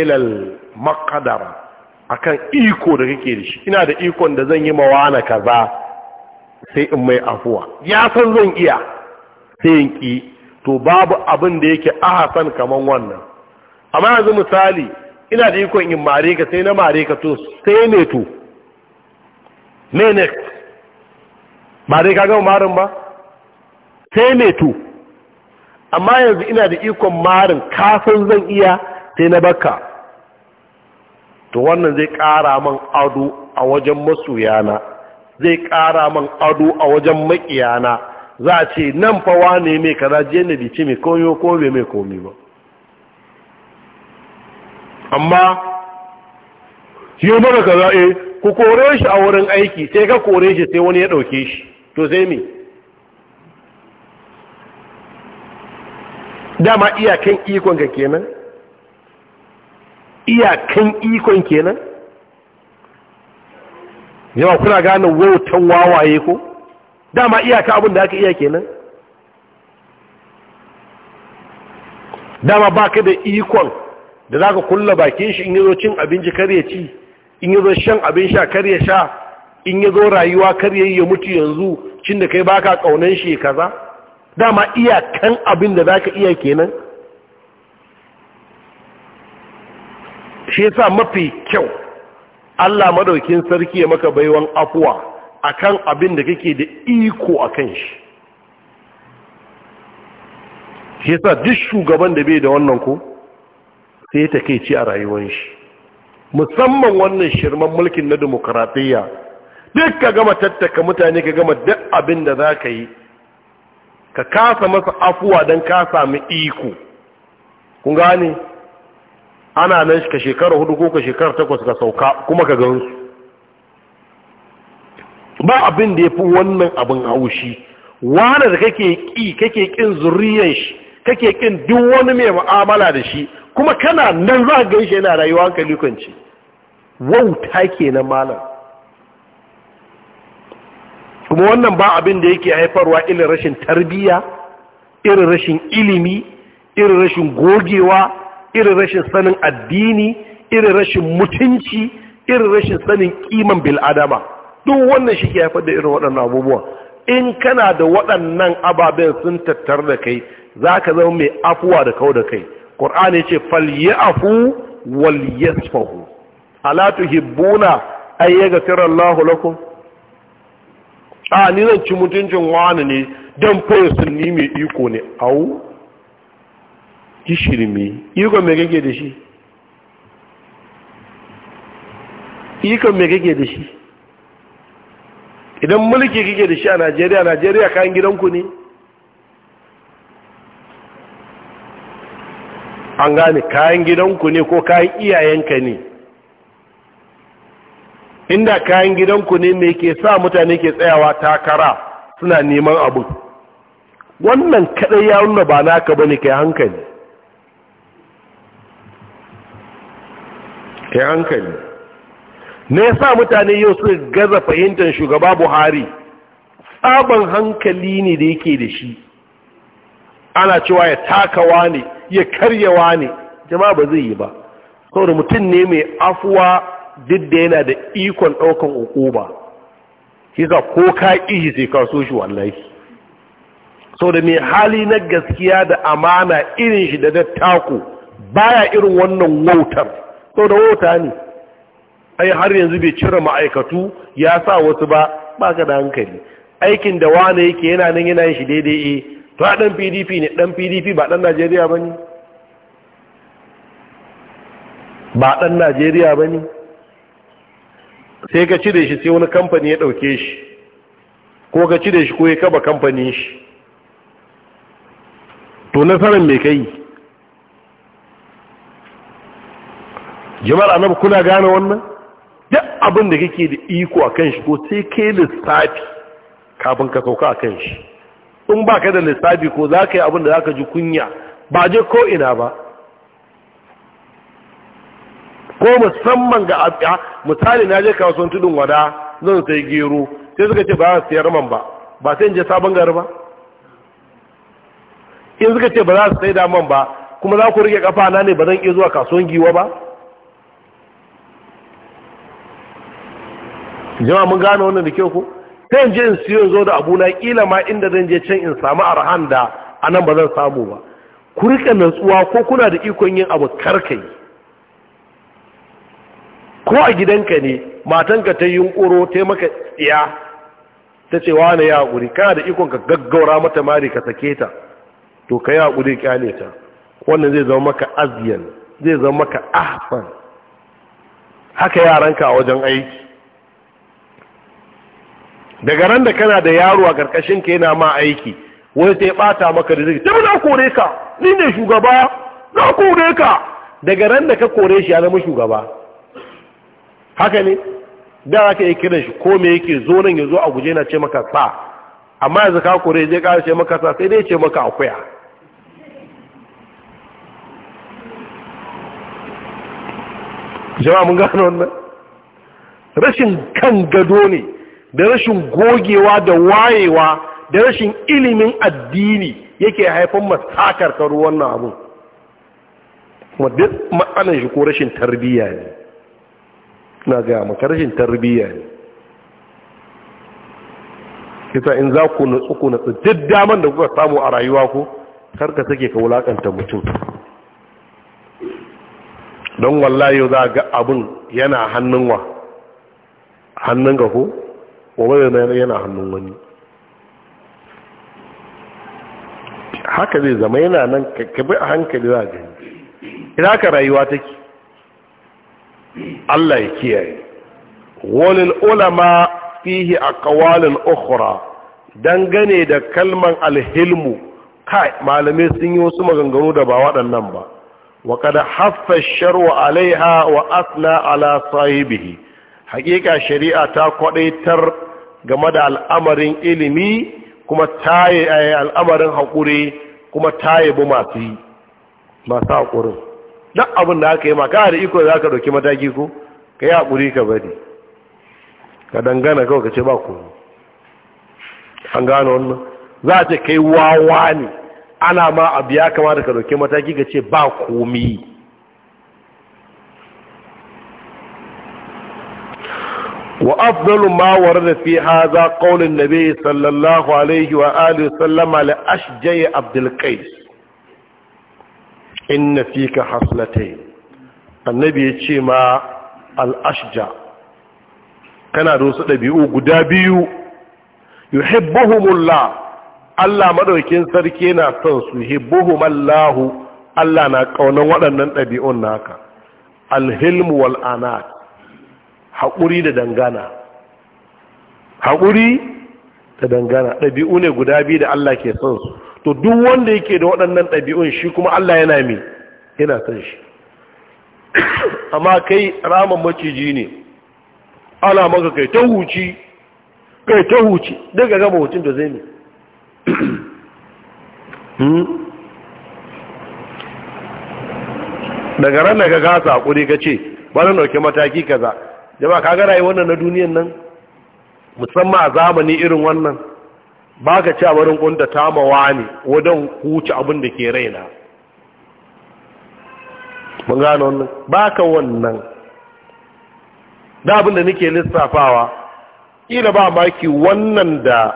ilal makadara akan iko da kake da shi ina da ikon da zan yi mawana kaza sai in mai afuwa ya san zan iya sai in ki to babu abin da yake ahasan kaman wannan amma yanzu misali ina da ikon in mare ka sai na mare ka to sai ne to ne next, ba ka gama marin ba sai mai amma yanzu ina da ikon marin kasan zan iya sai na baka to wannan zai kara man ado a wajen masoyana zai kara man ado a wajen makiyana za a ce nan fawa ne mai kaza jiya na bici mai komi ko bai mai komi ba amma yi mana kaza eh ku kore shi a wurin aiki sai ka kore shi sai wani ya ɗauke shi to sai me dama iyakan ikon ka kenan iyakan ikon kenan yawa kuna gane wautan wawaye ko dama iyaka abin da aka iya kenan dama baka da ikon da za ka kulla bakin shi in yi zo cin abinci ya ci in yi zo shan abin sha ya sha in yi zo rayuwa karye ya mutu yanzu cin da kai baka kaunan shi kaza dama iyakan abin da za ka iya kenan shi sa mafi kyau Allah madaukin sarki ya maka baiwan afuwa akan abin da kake da iko akan shi shi sa duk shugaban da bai da wannan ko sai ta kai ci a rayuwan shi musamman wannan shirman mulkin na demokradiyya duk ka gama tattaka mutane ka gama duk abin da za ka yi ka kasa masa afuwa don ka sami iko kun gane ana nan ka shekara hudu ko ka shekara takwas ka sauka kuma ka gansu ba abin da ya fi wannan abin haushi wane da kake ƙi kake ƙin zuriyar shi kake ƙin duk wani mai mu'amala da shi kuma kana nan za a gan shi yana rayuwa hankali kwanci wauta ke na malam kuma wannan ba abin da yake haifarwa irin rashin tarbiyya irin rashin ilimi irin rashin gogewa irin rashin sanin addini irin rashin mutunci irin rashin sanin kiman bil'adama duk wannan shi ke haifar da irin waɗannan abubuwa in kana da waɗannan ababen sun tattar da kai za ka zama mai afuwa da kau da kai ƙur'ani ce yi afu wal yasfahu ala tuhibbuna ayyagatirallahu lakum a ni zan ci mutuncin wani ne don fayar sunni mai iko ne au shirme iko mai kake da shi iko mai kake da shi idan mulki kake da shi a najeriya najeriya kayan gidanku ne an gane kayan gidanku ne ko kayan iyayenka ne inda kayan gidanku ne mai ke sa mutane ke tsayawa takara suna neman abu wannan kaɗai ya nuna ba naka bane kai hankali kai hankali ne yasa mutane yau su gaza fahimtar shugaba Buhari tsaban hankali ne da yake da shi ana cewa ya takawa ne ya karyawa ne jama'a ba zai yi ba saboda mutum ne mai afuwa duk da yana da ikon ɗaukan ukuba Kisa ko ka ihi sai ka so shi wallahi sau da mai hali na gaskiya da amana irin shi da dattako baya irin wannan wautar sau da wauta ne ai har yanzu bai cire ma'aikatu ya sa wasu ba ba ka da hankali aikin da wane yake yana nan yana shi daidai e to a dan pdp ne dan pdp ba dan najeriya ba ba dan najeriya ba sai ka cire shi sai wani kamfani ya ɗauke shi ko ka cire shi ko ya kaba kamfanin shi to nasarar mai kai jama'a annabi kuna gane wannan duk abin da kake da iko a kan shi ko sai kai lissafi kafin ka sauka a kan shi in ba ka da lissafi ko za ka yi abin da za ka ji kunya ba je ko ina ba ko musamman ga afiya misali na je kasuwan tudun wada zan sai gero sai suka ce ba za su sayar man ba ba sai in je sabon gari ba in suka ce ba za su sai da man ba kuma za ku rike kafa na ne ba zan iya zuwa kasuwan giwa ba jama'a mun gane wannan da kyau ku sai in je in siyo zo da abuna kila ma inda zan je can in samu arhan da anan ba zan samu ba ku rike natsuwa ko kuna da ikon yin abu karkai ko a gidanka ne matanka ta yi ta maka tsiya ta ce wani ya haƙuri kana da ikonka gaggaura mata mari ka sake ta to ka ya haƙuri kyale ta wannan zai zama maka aziyan zai zama maka ahfan haka yaranka a wajen aiki daga ran da kana da yaro a ƙarƙashin ka yana ma aiki wani ta ya ɓata maka da zai ta na kore ka ni ne shugaba na kore ka daga ran da ka kore shi ya zama shugaba haka ne da aka yi kiran shi ko me yake zo nan ya zo a guje na ce maka sa amma yanzu ka kore zai ƙara ce maka sa sai dai ce maka akwaya jama'a mun gano wannan rashin kan gado ne da rashin gogewa da wayewa da rashin ilimin addini yake haifar masakar karu wannan abu kuma duk matsalan shi ko rashin tarbiyya ne na gaya maka rashin tarbiyya ne kisa in za ku natsu ku natsu duk daman da kuka samu a rayuwa ku karka take ka wulakanta mutum don wallahi za ga abin yana hannun wa hannun ga ko wani yana hannun wani haka zai zama yana nan kakkabi a hankali za a gani idan haka rayuwa take Allah ya kiyaye walil ulama fihi aqwalun ukhra dangane da kalman alhilmu kai malamai sun yi wasu maganganu da ba waɗannan ba wa kada haffa shar'u alaiha wa asla ala sahibihi haƙiƙa shari'a ta kwadaitar game da al'amarin ilimi kuma taye eh, al'amarin hakuri kuma taye bu masu masu haƙurin duk abin da aka yi ma kana da iko za ka ɗauki mataki ko ka yi haƙuri ka bari ka dangana kawai ka ce ba ku an gano wannan za a ce kai wawa ne ana ma abu ya kamata ka ɗauki mataki ka ce ba komi wa afdalu ma warada fi hadha qawlun nabi sallallahu alaihi wa alihi sallama la ashjay abdul qais inna fika haslatai annabi ya ce ma al'ashja kana da wasu ɗabi'u guda biyu yuhibbuhumullah Allah maɗaukin sarki na son su yuhibbuhumallahu Allah na kaunan waɗannan ɗabi'un naka alhilmu wal haƙuri da dangana haƙuri da dangana ɗabi'u ne guda biyu da Allah ke son su to duk wanda yake da waɗannan ɗabi'un shi kuma Allah yana mai yana san shi amma kai ramar maciji ne Ala maka kai ta huci kai ta huci daga gama hucin da zai ne hmm? daga ranar ka gasa kuri ka ce ba na ɗauki mataki kaza jama ka gara yi wannan na duniyan nan musamman a zamani irin wannan ba ka ci a barin ta mawa ne wadon huce abin da ke raina mun gano wannan ba ka wannan da abin da nake lissafawa ƙila ba maki wannan da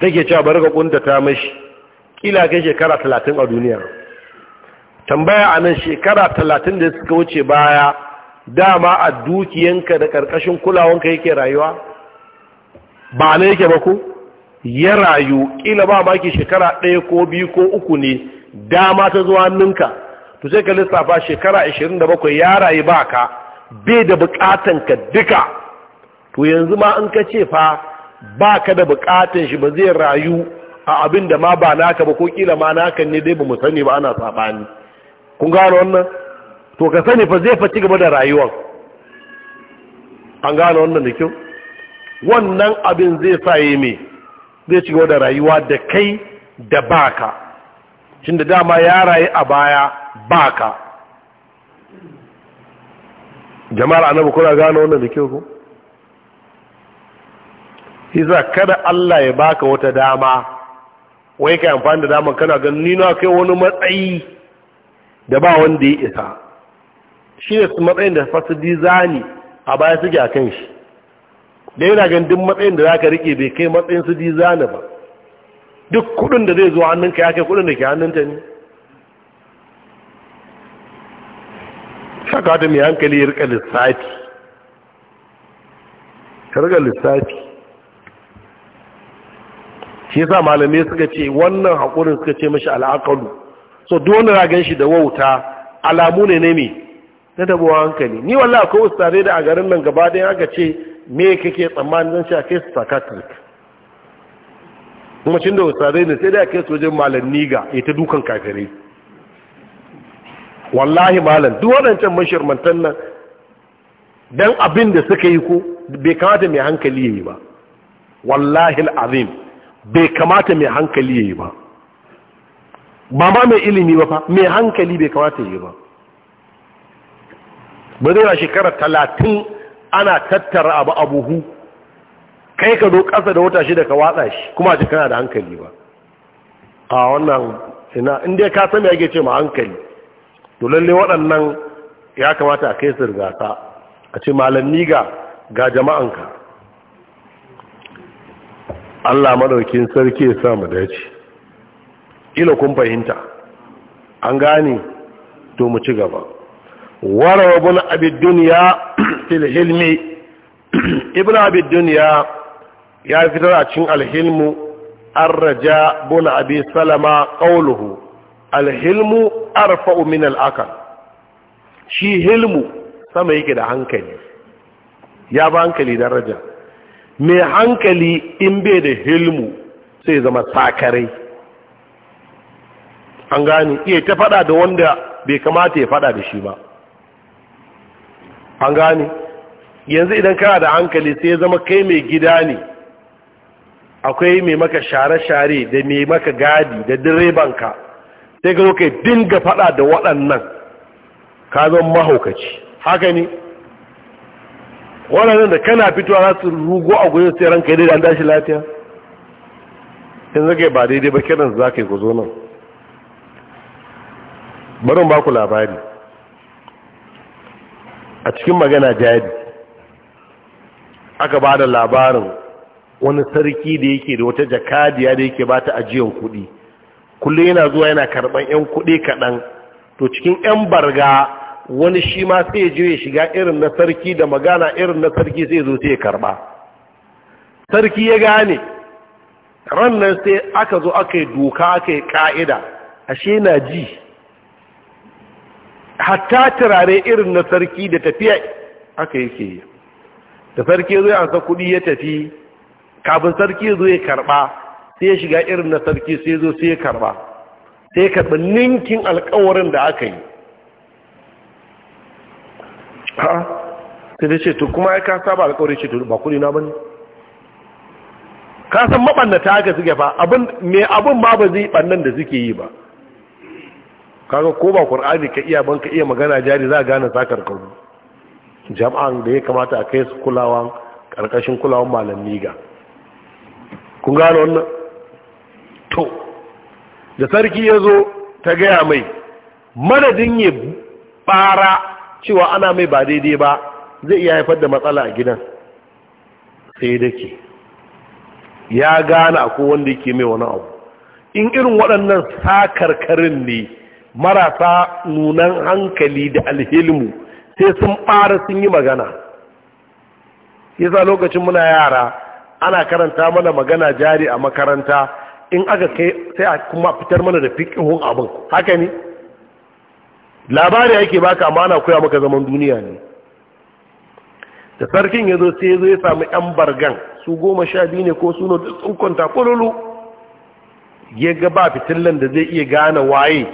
take ci a barin ƙunta ta mashi ƙila kai shekara talatin a duniya tambaya a nan shekara talatin da suka wuce baya dama a dukiyanka da ƙarƙashin kulawanka yake rayuwa ba ne yake ba ku ya rayu kila ba maki shekara ɗaya ko biyu ko uku ne dama ta zuwa ninka to sai ka lissafa shekara 27 ya rayu ba ka bai da bukatan ka duka to yanzu ma in ka ce fa ba ka da bukatan shi ba zai rayu a abin da ma ba naka ba ko kila ma naka ne dai ba mu sani ba ana ni? kun gano wannan to ka sani fa zai faci gaba da rayuwar an gano wannan da kyau wannan abin zai sa yi mai zai ci da rayuwa da kai da baka shi da dama ya rayu a baya baka jama'ar annabu kuna gano wannan da kyau ko isa kada Allah ya baka wata dama wai ka amfani da dama kana ganin ni na kai wani matsayi da ba wanda ya isa shi ne matsayin da fasidi zani a baya suke a kan shi da yana gandun matsayin da za ka rike bai kai matsayin su dizana ba duk kudin da zai zo hannunka ya kai kudin da ke hannunta ne saka da mai hankali ya rika lissafi ka rika lissafi shi yasa malamai suka ce wannan haƙurin suka ce mashi al'akalu so duwanda za gan shi da wauta alamu ne ne mai na dabuwa hankali ni wallah akwai wasu tare da a garin nan gaba ɗaya aka ce me kake tsammanin zan sha kai psychiatric kuma cin da wasarai ne sai da kai su wajen malam niga ya ta dukan kafirai wallahi malam duk waɗancan mashirmantan nan don abin da suka yi ko bai kamata mai hankali ya yi ba wallahi al'azim bai kamata mai hankali ya yi ba ba ma mai ilimi ba fa mai hankali bai kamata ya yi ba ba zai shekara talatin ana tattara abu abuhu kai ka zo ƙasa da wata da ka watsa shi kuma ce kana da hankali ba a wannan ina inda ya san mai ake ce ma hankali to lalle waɗannan ya kamata a kai su ta a ce malanni ga ga jama'anka Allah madaukin sarki ya sa mu dace ila kun fahimta an gane to mu ci gaba warawa bin abin duniya filhilmi ibn abid duniya ya fitar a cikin alhilmu arraja bun bin abi salama ƙauluhu alhilmu arfa'u min al'akal shi hilmu sama yake da hankali ya ba hankali daraja mai hankali in bai da hilmu sai zama sakarai an gane iya ta fada da wanda bai kamata ya fada da shi ba an gane yanzu idan kana da hankali sai zama kai mai gida ne akwai mai maka share-share da mai maka gadi da direbanka sai ka zo kai dinga fada da waɗannan ka zo mahaukaci haka ne waɗannan da kana fitowa za su rugo a gudun sai ranka yadda an dashi lafiya zaka yi ba daidai ba kiran za ka yi ku zo nan barin ba ku labari a cikin magana jadi aka ba da labarin wani sarki da yake da wata jakadiya da yake ba ta ajiyar kuɗi kullum yana zuwa yana karɓar 'yan kuɗi kaɗan to cikin 'yan barga wani shi ma sai ya jiwe shiga irin na sarki da magana irin na sarki sai zo sai ya karɓa sarki ya gane rannan sai aka zo aka yi doka aka yi ƙa'ida ashe na ji hatta turare irin na sarki da tafiya aka yake yi da sarki ya zo ya ansa kuɗi ya tafi kafin sarki ya zo ya karɓa sai ya shiga irin na sarki sai zo sai ya karɓa sai ya karɓi ninkin alkawarin da aka yi ha sai da ce to kuma ya ka saba alƙawarin ce to ba kuɗi na bane ka san mabannata haka suke fa abin me abin ma ba zai bannan da suke yi ba kaga ko ba qur'ani ka iya banka iya magana jari za gane sakar kawo jama'an da ya kamata a kai su kulawan karkashin kulawan malam niga kun gano wannan to da sarki ya zo ta gaya mai madadin ya bara cewa ana mai ba daidai ba zai iya haifar da matsala a gidan sai da ke. ya gane a wanda yake mai wani abu in irin waɗannan sakarkarin ne marasa nunan hankali da alhilmu sai sun ɓara sun yi magana yasa lokacin muna yara ana karanta mana magana jari a makaranta in aka kai sai a kuma fitar mana da fikihun abin haka ne labari yake baka amma ana koya maka zaman duniya ne da sarkin ya zo sai ya zo ya samu yan bargan su goma sha biyu ne ko suna da tsukunta kululu ya ga ba fitillan da zai iya gane waye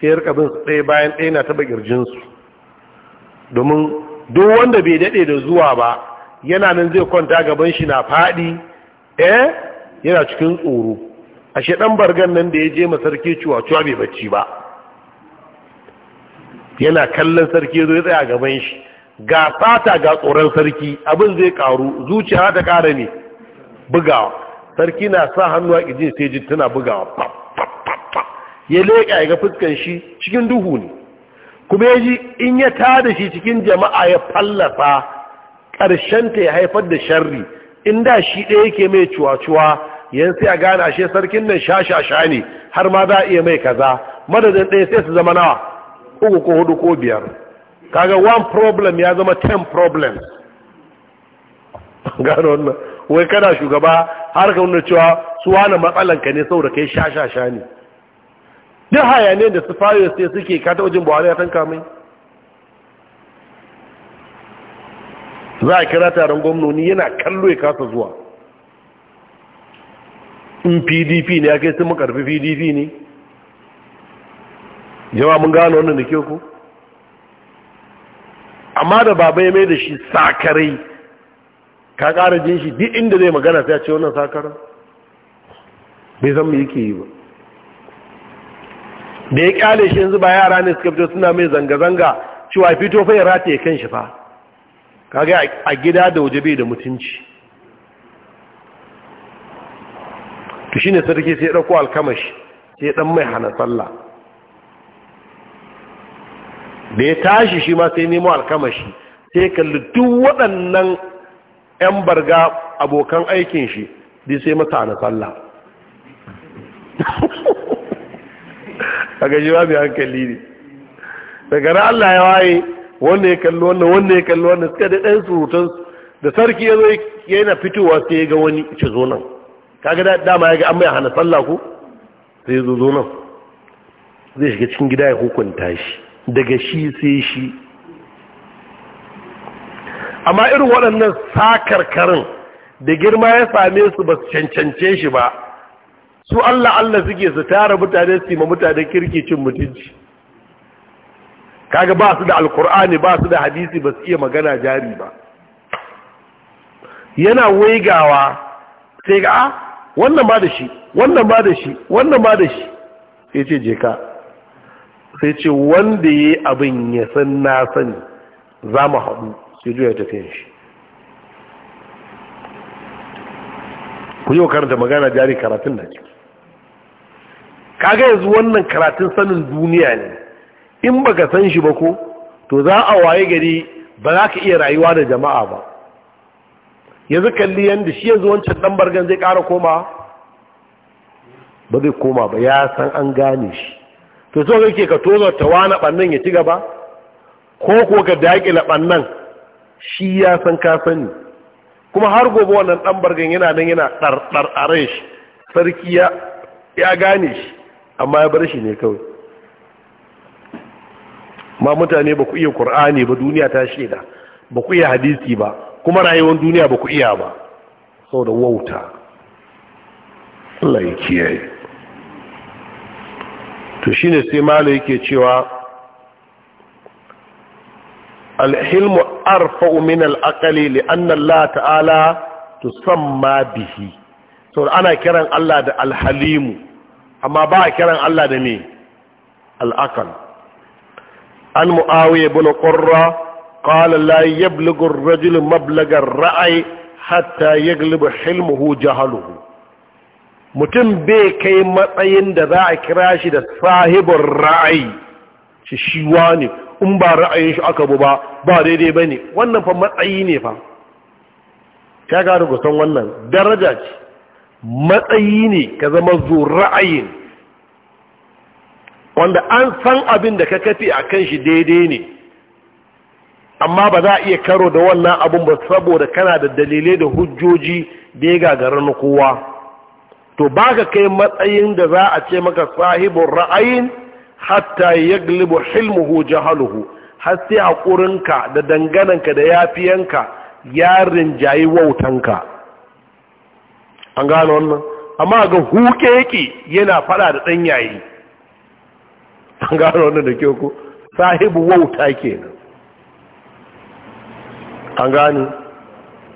sai ya rika su ɗaya bayan ɗaya na taɓa ƙirjinsu domin duk wanda bai daɗe da zuwa ba yana nan zai kwanta gaban shi na faɗi eh yana cikin tsoro ashe ɗan bargan nan da ya je ma sarki cuwa-cuwa bai bacci ba yana kallon sarki zo ya tsaya gaban shi ga fata ga tsoron sarki abin zai karu zuciya ta ƙara ne bugawa sarki na sa hannu a ƙijin sai ji tana bugawa ya leƙa ya ga fuskan shi cikin duhu ne kuma ya ji in ya tada shi cikin jama'a ya fallafa ta ya haifar da sharri in da shi ɗaya yake mai cuwa-cuwa yan sai a gane ashe sarkin nan sha-sha-sha ne har ma za a iya mai kaza madadin ɗaya sai su zama nawa uku ko hudu ko biyar kaga one problem ya zama ten problems gano wannan wai kana shugaba har ka nuna cewa su wani matsalanka ne saboda kai sha-sha-sha ne duk hayaniyar da su fayo sai suke kata wajen buhari ya tanka mai za a kira taron gwamnoni yana kallo ya kasa zuwa in pdp ne ya kai sun makarfi pdp ne jama mun gano wannan da ke ku amma da baba ya mai da shi sakarai ka kara jin shi duk inda zai magana sai a ce wannan sakarar bai zan mu yake yi ba da ya kyale shi yanzu ba yara ne suka fito suna mai zanga-zanga cewa fito fa ya rataye kan shi fa kaga a gida da waje bai da mutunci to shine sarki sai ya dauko alkamashi sai ya dan mai hana sallah da ya tashi shi ma sai nemo alkamashi sai kalli duk waɗannan 'yan barga abokan aikin shi dai sai masa hana sallah daga shi babu hankali ne daga ran Allah ya waye wanda ya kalli wannan wanda ya kalli wannan suka da ɗan surutan da sarki ya zo yana fitowa sai ya ga wani ce zo nan kaga dama ya ga an mai hana sallah ko sai ya zo zo nan zai shiga cikin gida ya hukunta shi daga shi sai shi amma irin waɗannan sakarkarin da girma ya same su ba su cancance shi ba su Allah Allah suke su tara mutane su ma mutane kirki cin mutunci kaga ba su da alkur'ani ba su da hadisi ba su iya magana jari ba yana waigawa sai ga ah, wannan ba da shi wannan ba da shi wannan ba da shi sai ce je ka sai ce wanda yi abin ya san na sani za mu haɗu sai juya tafiyan shi ku yi karanta magana jari karatun da ke kaga yanzu wannan karatun sanin duniya ne in baka san shi ba ko to za a waye gari ba za ka iya rayuwa da jama'a ba yanzu kalli yanda shi yanzu wancan dan bargan zai ƙara koma ba zai koma ba ya san an gane shi to so kake ka tozo ta wani bannan ya ci gaba ko ko ka la bannan shi ya san ka sani kuma har gobe wannan dan bargan yana nan yana ɗarɗar dar are shi sarki ya gane shi amma ya bar shi ne kawai ma mutane ba ku iya ƙur'ani ba duniya ta shaida ba ku iya hadisi ba kuma rayuwar duniya ba ku iya ba sau da wauta Allah ya to shi ne sai mala yake cewa alhilmu arfa'u min al'akali li'anna Allah ta'ala tusamma bihi sau ana kiran Allah da alhalimu amma ba a kiran Allah da me al'akan an mu'awiya bin qurra qala la yablughu ar-rajul mablagar ar-ra'i hatta yaglibu hilmuhu jahaluhu mutum bai kai matsayin da za a kira shi da sahibin ra'ayi shi shi in ba ra'ayin shi aka bu ba ba daidai ba ne wannan fa matsayi ne fa ya gada gusan wannan daraja ce matsayi ne ka zama zura'ayin wanda an san abin da ka kafe a kan shi daidai ne amma ba za a iya karo da wannan abin ba saboda kana da dalilai da hujjoji da ya gagara kowa to ba ka kai matsayin da za a ce maka sahibin ra'ayin hatta ya glibu hilmuhu jahaluhu har sai haƙurinka da dangananka da yafiyanka ya rinjayi wautanka an gano wannan amma ga huke yake yana fada da dan yayi an gano wannan da kyau ko sahibu wauta kenan an gano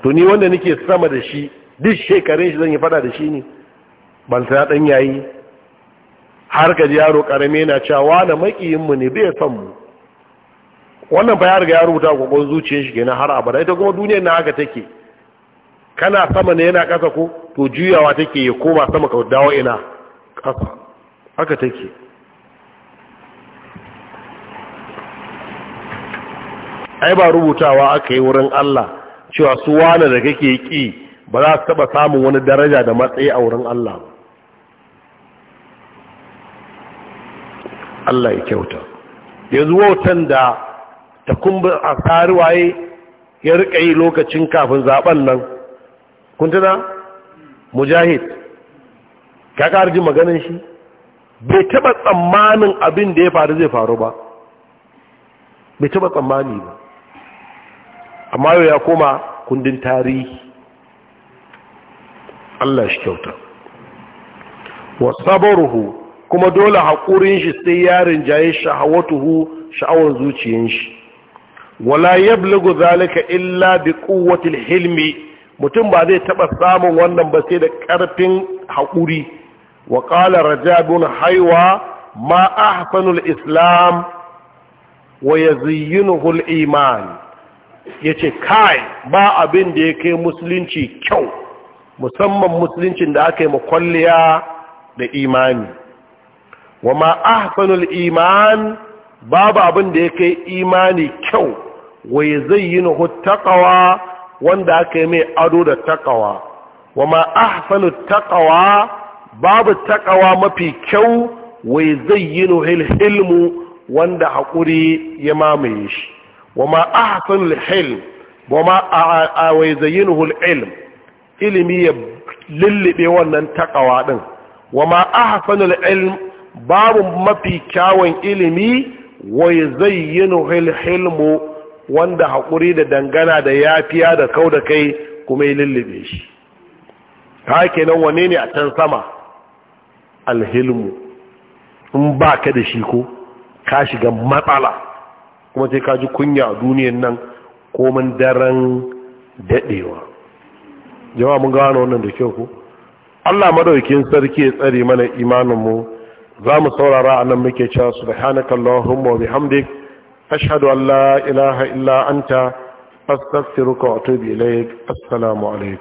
to ni wanda nake sama da shi duk shekarun shi zan yi fada da shi ne ban sa dan yayi har ka ji yaro karame na cewa na makiyin mu ne bai san mu wannan fa ya riga ta rubuta kokon zuciyar shi kenan har abada ita kuma duniyar na haka take kana sama ne yana ƙasa ko to juyawa take ya koma sama ka dawo ina ƙasa haka take ai ba rubutawa aka yi wurin Allah cewa su wane da kake ƙi ba za su taɓa samun wani daraja da matsayi a wurin Allah Allah ya kyauta yanzu wautan da ta kumbin a tsari waye ya riƙa yi lokacin kafin zaɓen nan kun tana mujahid ka ƙarji maganin shi bai taɓa tsammanin abin da ya faru zai faru ba bai taɓa tsammani ba amma yau ya koma kundin tarihi Allah shi kyauta wasabaruhu kuma dole haƙurin shi sai yarin jaye sha'awatuhu sha'awar zuciyar shi wala yablugu zalika illa bi quwwatil hilmi mutum ba zai taɓa samun wannan ba sai da ƙarfin haƙuri wa qala rajabun haiwa ma a hafanul islam wa yazayyinuhu al-iman yace kai ba abin da ya kai musulunci kyau musamman musuluncin da aka yi makwalliya da imani wa ma a hafanul iman babu abin da ya kai imani kyau wa yazayyinuhu taqwa wanda aka yi mai ado da takawa wa ma ahsanu takawa babu takawa mafi kyau wai zayyinu hilmu wanda haƙuri ya mamaye shi wa ma ahsanu hilm wa ma a wai zayyinu ilm ilimi ya lullube wannan takawa din wa ma ahsanu ilm babu mafi kyawun ilimi wai zayyinu hilmu wanda haƙuri da dangana da yafiya da kau da kai kuma yi lullube shi ke nan wane ne a can sama alhilmu in ba ka da shi ko ka shiga matsala kuma sai ka ji kunya a duniyan nan komin daren daɗewa jama'a mun gano wannan da kyau ko Allah madaukin sarki ya tsare mana imaninmu za mu saurara a nan muke cewa subhanakallahumma wa bihamdika ashhadu an ilaha illa anta astaghfiruka wa atubu ilaik assalamu alaikum